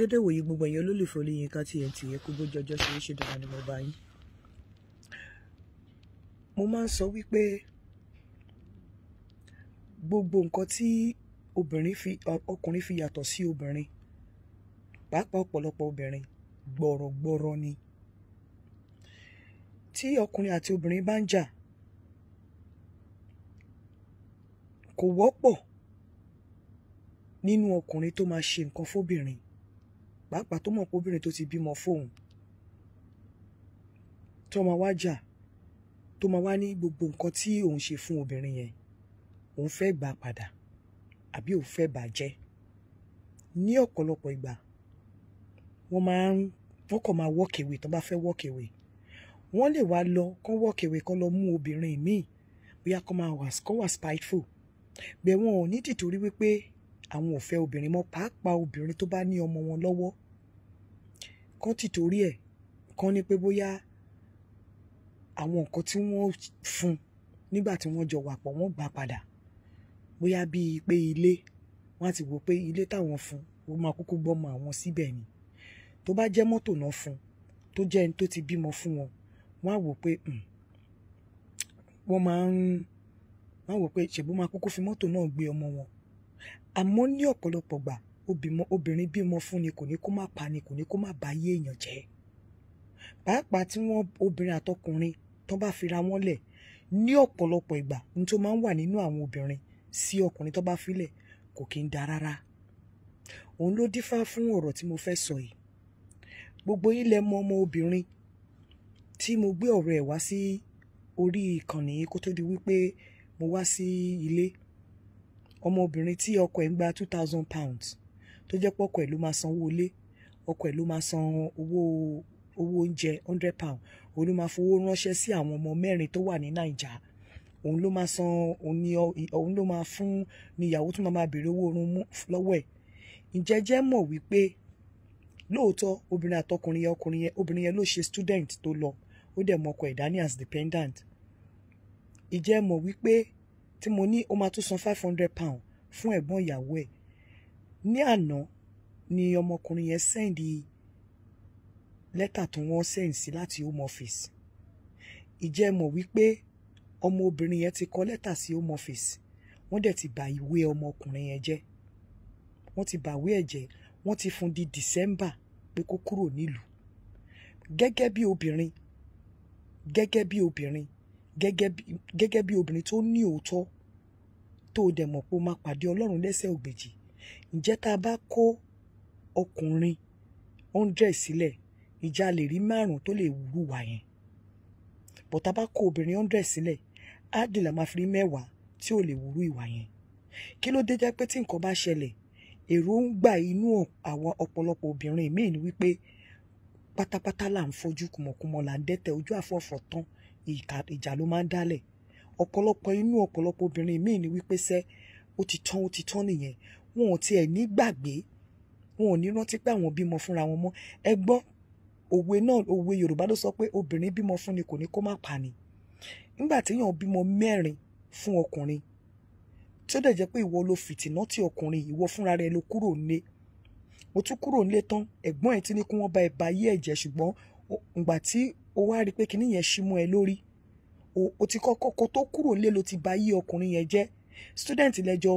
dédé wòye gbogbo ẹ̀yin olólùfẹ́ Olúyinká TNT ẹ kú bójú ọjọ́ ṣe é ṣe dandan ni mo bá yín mo máa ń sọ wípé gbogbo nǹkan tí obìnrin fi ọkùnrin fi yàtọ̀ sí obìnrin pàápàá ọ̀pọ̀lọpọ̀ obìnrin gbọ̀rọ̀gbọ̀rọ̀ ni tí ọkùnrin àti obìnrin bá ń jà kò wọ́pọ̀ nínú ọkùnrin tó máa ṣe nǹkan fóbìnrin pàápàá tó mọ̀ pé obìnrin tó ti bímọ fóun tó máa wá jà tó máa wá ní gbogbo nǹkan tí òun ṣe fún obìnrin yẹn òun fẹ́ gbà padà àbí òun fẹ́ bà jẹ́ ní ọ̀pọ̀lọpọ̀ ìgbà wọ́n máa ń wọ́n kàn máa walk away tó bá fẹ́ walk away wọ́n lè wá lọ kán walk away kán lọ mú obìnrin míì bóyá kán máa wà kán wà spiteful bẹ́ẹ̀ wọn ò ní tìtorí wípé àwọn ò fẹ́ obìnrin mọ́ pàápàá obìnrin tó bá ní ọmọ wọn lọ́wọ́ kán ti torí ẹ̀ kán ní pé bóyá àwọn nǹkan tí wọ́n fún nígbà tí wọ́n jọ wà pọ̀ wọ́n gbà padà bóyá bíi pé ilé wọ́n á ti wò pé ilé táwọn fún ó máa kúkú gbọ́mọ àwọn síbẹ̀ ni tó bá jẹ́ mọ́tò náà fún tó jẹ́ ẹni tó ti bímọ fún wọn wọ́n á wò pé hmm, wọ́n máa ń wọ́n á wò pé ṣèbó máa kúkú fi mọ́tò náà gbé ọmọ wọn àmọ́ ní ọ̀pọ̀lọpọ̀ gbà obìnrin bímọ fún ni kò ní kó má pa ni kò ní kó má bá yé èèyàn jẹ́ pàápàá tí wọ́n obìnrin àtọkùnrin tó bá fira wọn lẹ̀ ní ọ̀pọ̀lọpọ̀ ìgbà ní tó máa ń wà nínú àwọn obìnrin sí ọkùnrin tó bá filẹ̀ kò kí ń da rárá òun ló dífá fún ọ̀rọ̀ tí mo fẹ́ sọ yìí gbogbo yín lẹ ọmọ obìnrin tí mo gbé ọ̀rọ̀ ẹ̀ wá sí orí ìkànnì kó tó di wípé mo wá sí ilé ọmọbìnrin tí ọkọ ẹ̀ ń gba two thousand pounds tó jẹ́ pé ẹ̀ ló máa san owó ilé ọkọ ẹ̀ ló máa san owó owó oúnjẹ hundred pound òun ló máa fowó ránṣẹ́ sí àwọn ọmọ mẹ́rin tó wà ní nàìjà òun ló máa san òun ni ló máa fún ni ìyàwó tó máa máa owó oorun lọ́wọ́ ẹ̀ ìjẹ́jẹ́ mọ̀ wípé lóòótọ́ obìnrin àtọkùnrin yẹn ọkùnrin yẹn obìnrin yẹn ló ṣe student tó lọ ó dẹ̀ mọ̀kọ ẹ̀ dání as dependant ìjẹ́ mọ̀ wípé tí mo ní ó máa tún san five hundred pound fún ẹ̀gbọ́n ìyàwó ẹ̀ ní àná ni ọmọkùnrin yẹn sẹ́ndì lẹ́tà tó wọ́n sẹ́ǹd sí láti home office ìjẹ́ mọ̀ wípé ọmọ obìnrin yẹn ti kọ lẹ́tà sí home office wọ́n dẹ̀ ti bà ìwé ọmọkùnrin yẹn jẹ́ wọ́n ti bàwé ẹ̀ jẹ́ wọ́n ti fún di December pé kó kúrò nílùú gẹ́gẹ́ bí obìnrin gẹ́gẹ́ bí obìnrin gẹ́gẹ́ bí obìnrin tó ní òótọ́ tó o dẹ̀ mọ̀ pé o máa pàdé Ọlọ́run lẹ́sẹ̀ ògbèjì Ǹjẹ́ tá a bá kó ọkùnrin 100 sílẹ̀, ǹjẹ́ a leè rí máàrún tólè hùwà yẹn? But tá a bá kó obìnrin 100 sílẹ̀, Hardley la máa fi rí mẹ́wàá tí ò leè hurú ìwà yẹn. Kílódé jẹ́pé tí nǹkan bá ṣẹlẹ̀, èròńgbà inú àwọn ọ̀pọ̀lọpọ̀ obìnrin míì ni wí pé pátápátá là ń fojú kùmọ̀kùmọ̀ là ń dẹ́tẹ̀ ojú àfọfọ̀ tán ìjà ló máa ń dálẹ̀. Ọ̀pọ̀lọpọ̀ inú ọ̀pọ̀lọpọ̀ obìnrin míì ni wí sẹ́ ó ti tán ó ti tán nìyẹn wọn ò tiẹ̀ ní gbàgbé wọn ò ní rántí pé àwọn bímọ fúnra wọn mọ́ ẹ gbọ́ òwe náà òwe Yorùbá ló sọ pé obìnrin bímọ fún ni kò ní kó má pa ni nígbà téèyàn bímọ mẹ́rin fún ọkùnrin tí ó dẹ̀ jẹ́ pé ìwọ ló fìtìná tí ọkùnrin ìwọ fúnra rẹ ló kúrò nílé mo tún kúrò nílé tán ẹ̀gbọ́n ẹ̀ tí ní kí wọ́n bá ẹ ba ayé ẹ̀jẹ̀ ṣùgbọ́n ìgbà tí o wá rí i pé kinní yẹn ṣí mọ́ ẹ lórí o ti kọ́kọ́ kó tó kúrò nílé ló ti ba ayé ọkùnrin yẹn jẹ́ student lẹ́jọ́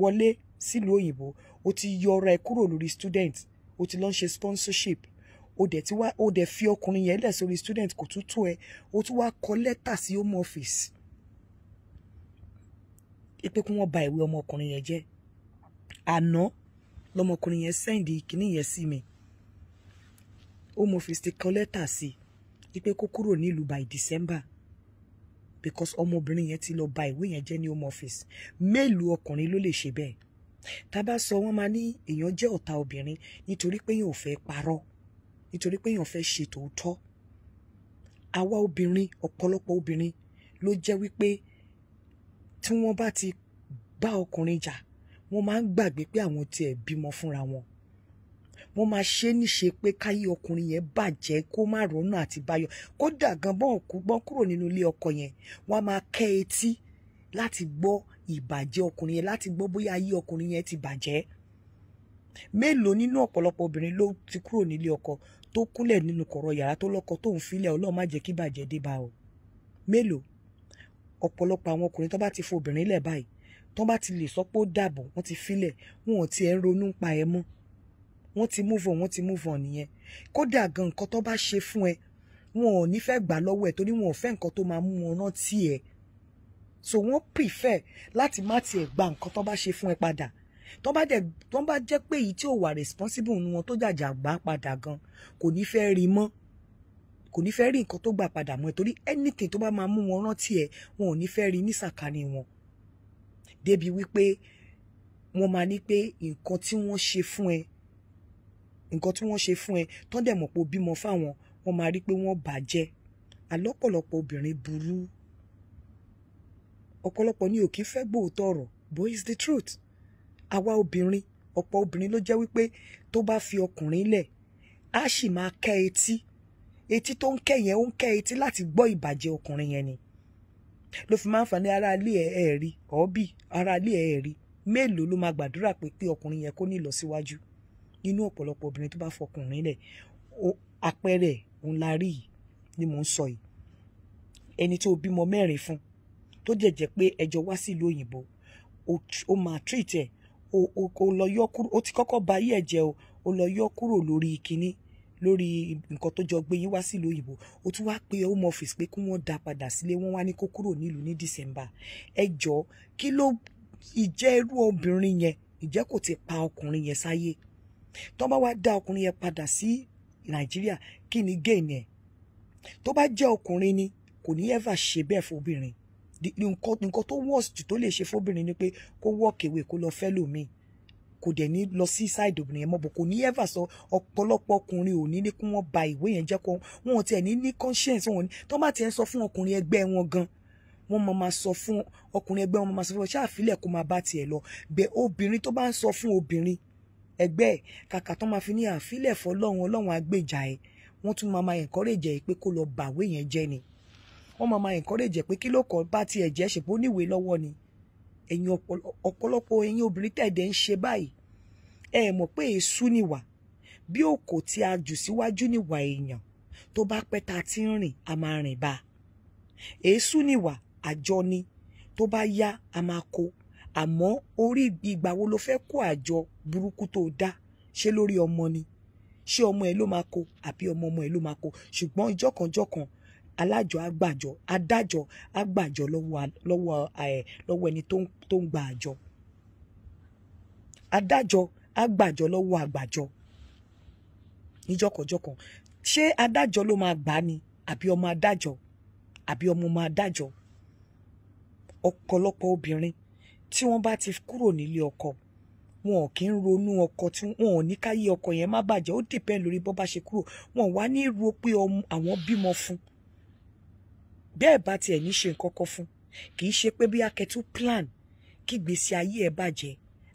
wọlé sílùú òyìnbó o ti yọra ẹ kúrò lórí student o ti lọ ṣe sponsorship o dẹ̀ ti wá o dẹ̀ fi ọkùnrin yẹn lẹ̀ sórí student kò tún tó ẹ o tún wá kọ lẹ́tà sí home office ipe kí wọ́n ba ìwé ọmọkùnrin yẹn jẹ́ àná lọmọkùnrin yẹn sẹ́ǹdì kìíní yẹn sí mi home office ti kọ lẹ́tà sí ipe kó kúrò nílùú by December because ọmọbìnrin yẹn ti lọ ba ìwé yẹn jẹ́ ní home office mélòó ọkùnrin ló lè ṣe bẹ́ẹ̀ tábà sọ wọ́n máa ní èèyàn jẹ́ ọ̀tá obìnrin nítorí pé èèyàn ò fẹ́ parọ́ nítorí pé èèyàn fẹ́ ṣe tòótọ́ àwa obìnrin ọ̀pọ̀lọpọ̀ obìnrin ló jẹ́ wípé tí wọ́n bá ti bá ọkùnrin jà wọ́n máa ń gbàgbé pé àwọn tiẹ̀ bímọ fúnra wọn wọ́n máa ṣe é níṣe pé káyé ọkùnrin yẹn bàjẹ́ kó má rònú àti báyọ̀ kódà gan bọ́n kú gbọ́n kúrò nínú ilé ọkọ yẹn wọ́n á máa kẹ́ etí láti gbọ́ ìbàjẹ́ ọkùnrin yẹn láti gbọ́ bóyá ayé ọkùnrin yẹn ti bàjẹ́ mélòó nínú ọ̀pọ̀lọpọ̀ obìnrin ló ti kúrò nílé ọkọ tó kúnlẹ̀ nínú kọ̀rọ̀ yàrá tó lọ́kọ tó ń filẹ̀ ọlọ́run má jẹ́ kí bàjẹ́ dé bá o mélòó ọ̀pọ̀lọpọ̀ àwọn ọkùnrin tó bá ti fo obìnrin lẹ̀ báyìí tó bá ti lè sọ dàbọ̀ wọ́n ti filẹ̀ wọn ò tiẹ̀ ń ronú pa ẹ mọ́ wọ́n ti move on wọ́n ti move on nìyẹn kódà gan nǹkan tó bá ṣe fún ẹ wọn ò ní fẹ́ gbà lọ́wọ́ ẹ torí wọn ò fẹ́ nǹkan tó máa mú wọn rántí ẹ so wọ́n prefer láti má tiẹ̀ gba nǹkan tó bá ṣe fún ẹ padà tó bá dẹ̀ tó bá jẹ́ pé èyí tí ò wà responsible nu wọn tó jàjà gbà padà gan kò ní fẹ́ rí mọ́ kò ní fẹ́ rí nǹkan tó gbà padà mọ́ ẹ torí anything tó bá máa mú wọn rántí ẹ wọn ò ní fẹ́ rí ní sàkání wọn débi wípé wọ́n máa ní pé nǹkan tí wọ́n ṣe fún ẹ nǹkan tí wọ́n ṣe fún ẹ tán dẹ̀ mọ̀ pé o bímọ fáwọn wọ́n máa rí pé wọ́n bàjẹ́ àlọ́pọ̀lọpọ̀ obìnrin burú ọ̀pọ̀lọpọ̀ ni ò kí ń fẹ́ gbòòtọ̀ boy is the truth àwa obìnrin ọ̀pọ̀ obìnrin ló jẹ́ wípé tó bá fi ọkùnrin lẹ̀ á sì máa kẹ́ etí etí tó ń kẹ́ yẹn ó ń kẹ́ etí láti gbọ́ ìbàjẹ́ ọkùnrin yẹn ni ló fi máa ń fani ara ilé ẹ̀ ẹ̀ rí ọ̀ọ́bì ara ilé ẹ̀ ẹ̀ rí mélòó ló máa gbàdúrà pé pé ọkùnrin yẹn kó ní ìlọsíwájú nínú ọ̀pọ̀lọpọ̀ obìnrin tó bá fọkùnrin lẹ̀ àpẹẹrẹ òun la rí yìí ni mò ń sọ yìí ẹni tó bímọ mẹ́rin fún tó jẹ̀jẹ̀ pé ẹjọ́ wá sílùú òyìnbó ó máa treat ẹ̀ ó lọ yọ kúrò ó ti kọ́kọ́ ba ayé ẹ̀ jẹ́ o ó lọ yọ kúrò lórí kínní lórí nǹkan tó jọ gbé yín wá sílùú òyìnbó ó tún wá pe home office pé kí wọ́n dá padà sílé wọ́n wá ní kó kúrò nílùú ní December ẹ jọ kí ló ìjẹ́ irú obìnrin yẹn ìjẹ́ kò ti pa ọkùnrin yẹn sáyé tó bá wá dá ọkùnrin yẹn padà sí nàìjíríà kí ni gain ẹ̀ tó bá jẹ́ ọkùnrin ni kò ní ever ṣe bẹ́ẹ̀ fóbìnrin nǹkan tó worst tó lè ṣe fóbìnrin ni pé kó walk away kó lọ fẹ́ lòmíì kò dẹ̀ ní lọ sí side obìnrin yẹn mọ́ bò kò ní ever sọ ọ̀pọ̀lọpọ̀ ọkùnrin ò ní ní kí wọ́n ba ìwé yẹn jẹ́ kó wọn tiẹ̀ ní ní conscience wọn tó bá tiẹ̀ sọ fún ọkùnrin ẹgbẹ́ wọn gan wọ́n máa ma sọ fún ọkùnrin ẹgbẹ́ wọn máa sọ fún ọ ṣáà fílẹ̀ kó máa bá tiẹ̀ lọ bẹ́ẹ̀ obìnrin tó bá ń sọ fún obìnrin ẹgbẹ́ ẹ̀ kàkà tán máa fi ní àfilẹ̀ fọlọ́run ọlọ́run agbèjà ẹ̀ wọ́n tún máa máa encourage ẹ̀ pé kó lọ bàwé yẹn jẹ́ ni wọ́n máa máa encourage ẹ̀ pé kí ló kọ́ bá tiẹ̀ jẹ́ ṣèpó níwèé lọ́wọ́ ni ẹ̀yin ọ̀pọ̀lọpọ̀ ẹ̀yin obìnrin tẹ̀dẹ̀ ń ṣe báyìí ẹ mọ̀ pé èṣù níwà bí òkò tí a jù síwájú níwà èèyàn tó bá pẹ́ ta ti ń rìn a máa rìn bá èṣù níwà àjọ ni tó bá yá a máa kó àmọ́ orí ìgbà wo ló fẹ́ kó àjọ burúkú tó dá ṣé lórí ọmọ ni ṣé ọmọ ẹ ló máa kó àbí ọmọ ọmọ ẹ ló máa kó ṣùgbọ́n ìjọkànjọkàn alájọ agbàjọ adájọ agbàjọ lọ́wọ́ ẹ lọ́wọ́ ẹni tó ń gba àjọ adájọ agbàjọ lọ́wọ́ àgbàjọ níjọkànjọkàn ṣé adájọ ló máa gbà ni àbí ọmọ adájọ àbí ọmọ ọmọ adájọ ọ̀pọ̀lọpọ̀ obìnrin tí wọ́n bá ti kúrò nílé ọkọ wọn ò kí ń ronú ọkọ tí wọn ò ní káyé ọkọ yẹn má bàjẹ́ ó dìpẹ́ lórí bó bá ṣe kúrò wọn wá ní ro pé àwọn bímọ fún bẹ́ẹ̀ bá tiẹ̀ ní ṣe nǹkan kan fún kì í ṣe pé bí akẹ́tù plan kí gbèsè ayé ẹ̀ bàjẹ́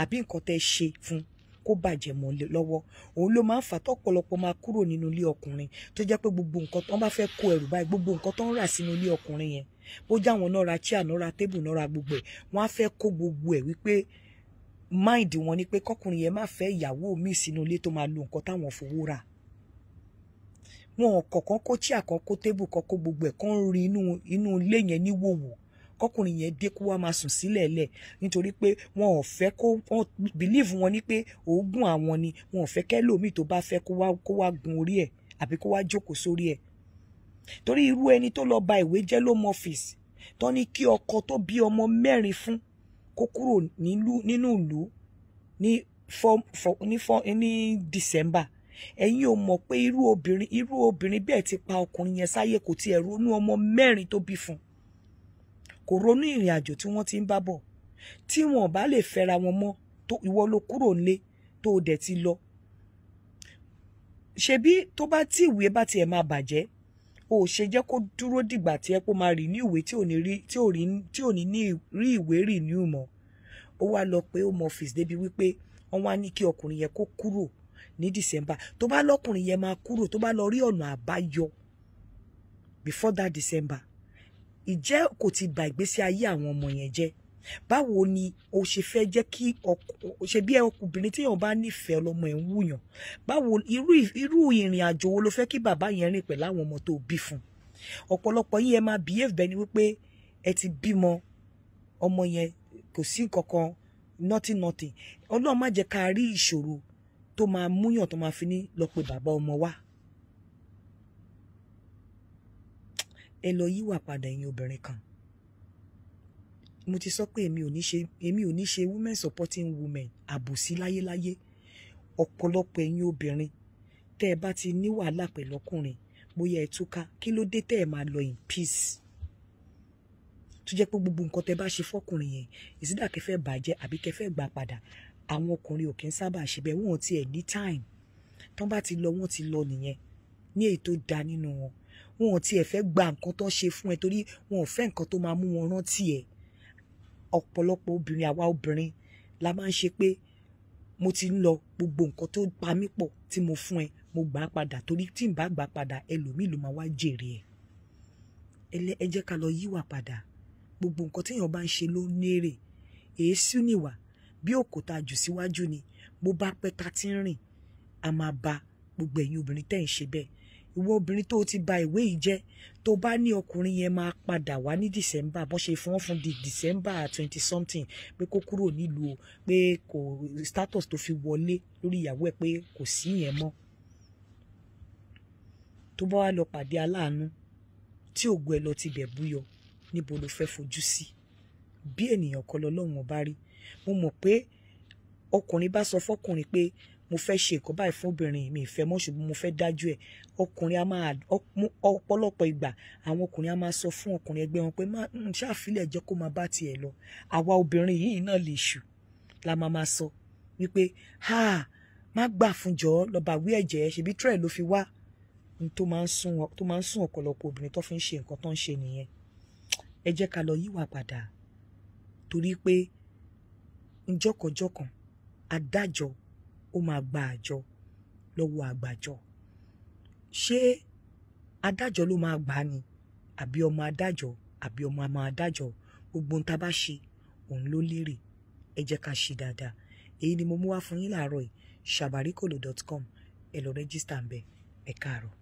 àbí nǹkan tẹ́ ṣe fún kó bàjẹ́ mọ́ lọ́wọ́ òun ló máa ń fà tọ́pọ̀lọpọ̀ máa kúrò nínú ilé ọkùnrin tó jẹ́ pé gbogbo nǹkan tó ń bá fẹ́ kó ẹrù báyìí gbogbo nǹkan tó ń rà sínú ilé ọkùnrin yẹn bó já wọn náà chair náà ra tébù gbogbo ẹ̀ wọ́n á fẹ́ kó gbogbo ẹ̀ wípé mind wọn ni pé kọkùnrin yẹn má fẹ́ ìyàwó míì sínú ilé tó máa lo nǹkan táwọn fowó rà wọn kọ̀ọ̀kan kó chair kan kó tébù kan kó gbogbo ẹ̀ kan rí inú ilé yẹn níwòwò kọkùnrin yẹn dé kó wá máa sùn sílẹ̀ lẹ̀ nítorí pé wọn ò fẹ́ kó wọn bìlíìfù wọn ní pé òógùn àwọn ni wọn ò fẹ́ kẹ́lòmíì tó bá fẹ́ kó wá kó wá gun orí ẹ̀ àbí kó wá jókòó sórí ẹ̀ torí irú ẹni tó lọ ba ìwé jẹ́ ló ọ́fíìsì tó ní kí ọkọ tó bí ọmọ mẹ́rin fún kó kúrò nínú ìlú ní December ẹ̀yin ò mọ̀ pé irú obìnrin irú obìnrin bẹ́ẹ̀ ti pa ọkùnrin yẹn sáyé kò tiẹ̀ ronú ọmọ mẹ́rin tó bí fún un kò ronú ìrìn àjò tí wọ́n ti ń bá bọ̀ tí wọn bá lè fẹ́ra wọn mọ́ tó ìwọ ló kúrò nílé tó o dẹ̀ ti lọ ṣebí tó bá tí ìwé bá tiẹ̀ máa bàjẹ́ o ò ṣe jẹ́ kó dúró dìgbà tí ẹ kó máa rì ní ìwé tí ò ní rí ìwé rì ní ìmọ̀ ó wá lọ pé home office débi wípé wọ́n wá ní kí ọkùnrin yẹn kó kúrò ní December tó bá lọ́kùnrin yẹn máa kúrò tó bá lọ rí ọ̀nà àbáyọ before that December ìjẹ́ kò ti bà ìgbésí ayé àwọn ọmọ yẹn jẹ́ báwo ni o ṣe fẹ́ jẹ́ kí ṣe bí ọkùnrin téèyàn bá nífẹ̀ẹ́ ọlọ́mọ ẹ̀ ń wùyàn báwo irú ìrìn àjò wo ló fẹ́ kí bàbá yẹn rìn pẹ̀lú àwọn ọmọ tó bí fún ọ̀pọ̀lọpọ̀ yìí ẹ máa behave bẹ́ẹ̀ ni wípé ẹ ti bímọ ọmọ yẹn kò sí nǹkan kan nothing nothing ọlọ́run má jẹ́ ká rí ìṣòro tó máa múyàn tó máa fi ní lọ pé bàbá ọmọ wa ẹ lọ yíwà padà ẹ̀yin obìnrin kan mo ti sọ pé èmi ò ní ṣe women supporting women àbòsí láyéláyé ọ̀pọ̀lọpọ̀ ẹ̀yin obìnrin tẹ́ ẹ bá ti ní wàhálà pẹ̀lú ọkùnrin bóyá ẹ túká kí ló dé tẹ́ ẹ máa lọ in peace tó jẹ́ pé gbogbo nǹkan tẹ́ bá ṣe fọ́kùnrin yẹn ìsídà kẹfẹ́ bàjẹ́ àbí kẹfẹ́ gbà padà àwọn ọkùnrin ò kí ń sábà ṣe bẹ́ẹ̀ wọ́n ti ẹ̀ ní time tán bá ti lọ wọ́n ti lọ nìyẹn ní èyí tó da nínú wọn wọn ò tiẹ̀ fẹ́ gba nǹkan tó ṣe fún ẹ torí wọn ò fẹ́ nǹkan tó máa mú wọn rántí ẹ ọ̀pọ̀lọpọ̀ obìnrin àwa obìnrin la máa ń ṣe pé mo ti ń lọ gbogbo nǹkan tó pa mí pọ̀ tí mo fún ẹ mo gbà á padà torí tí n bá gbà á padà ẹlòmíì ló máa wá jèrè ẹ ẹ jẹ́ ká lọ yíwà padà gbogbo nǹkan téèyàn bá ń ṣe ló ń nérè èésú nìwà bí òkúta jù síwájú ni bó bá pẹ́ ta ti ń rìn a máa ba gbogbo ẹ̀yin obìnrin tẹ́ ń ṣe bẹ́ẹ̀ ìwọ obìnrin tó ti ba ìwé yìí jẹ́ tó bá ní ọkùnrin yẹn máa padà wá ní december bọ́n ṣe fún wọn fún di december twenty something pé kó kúrò nílùú o pé kò status tó fi wọlé lórí ìyàwó ẹ̀ pé kò sí yẹn mọ́ tó bá wá lọ pàdé aláàánú tí ògo ẹ̀ lọ ti bẹ̀ búyọ níbo ló fẹ́ fojú sí bí ènìyàn kọ́ lọ́lọ́run ọba rí mo mọ̀ pé ọkùnrin bá sọ fọ́kùnrin pé mo fẹ́ ṣe nǹkan báyìí fún obìnrin mi ìfẹ́ mọ́ ṣùgbọ́n mo fẹ́ dájú ẹ̀ ọkùnrin a máa ọ̀pọ̀lọpọ̀ ìgbà àwọn ọkùnrin a máa sọ fún ọkùnrin ẹgbẹ́ wọn pé má ṣàfilẹ̀ jẹ́ kó máa bá tiẹ̀ lọ àwa obìnrin yìí náà lè ṣù la máa máa sọ wípé ha má gbà fún jọ lọ́ba wí ẹ̀jẹ̀ ṣebí trẹ̀ ló fi wá tó máa ń sún ọ̀pọ̀lọpọ̀ obìnrin tó fi ń ṣe nǹkan tó ń ṣe nìyẹn ẹ jẹ́ ká lọ yíwà padà torí pé njọ́kọ̀jọ́kan adájọ́ ó máa gba àjọ lọ́wọ́ àgbàjọ ṣé adájọ́ ló máa gbà ni àbí ọmọ adájọ́ àbí ọmọ àmọ adájọ́ gbogbo ohun tá a bá ṣe òun ló lérè ẹ jẹ́ ká ṣe dáadáa èyí ni mo mú wá fún yín láàárọ̀ yìí ṣàbàríkòlò dot com ẹ lọ rẹ́jísítà ń bẹ ẹ káàárọ̀.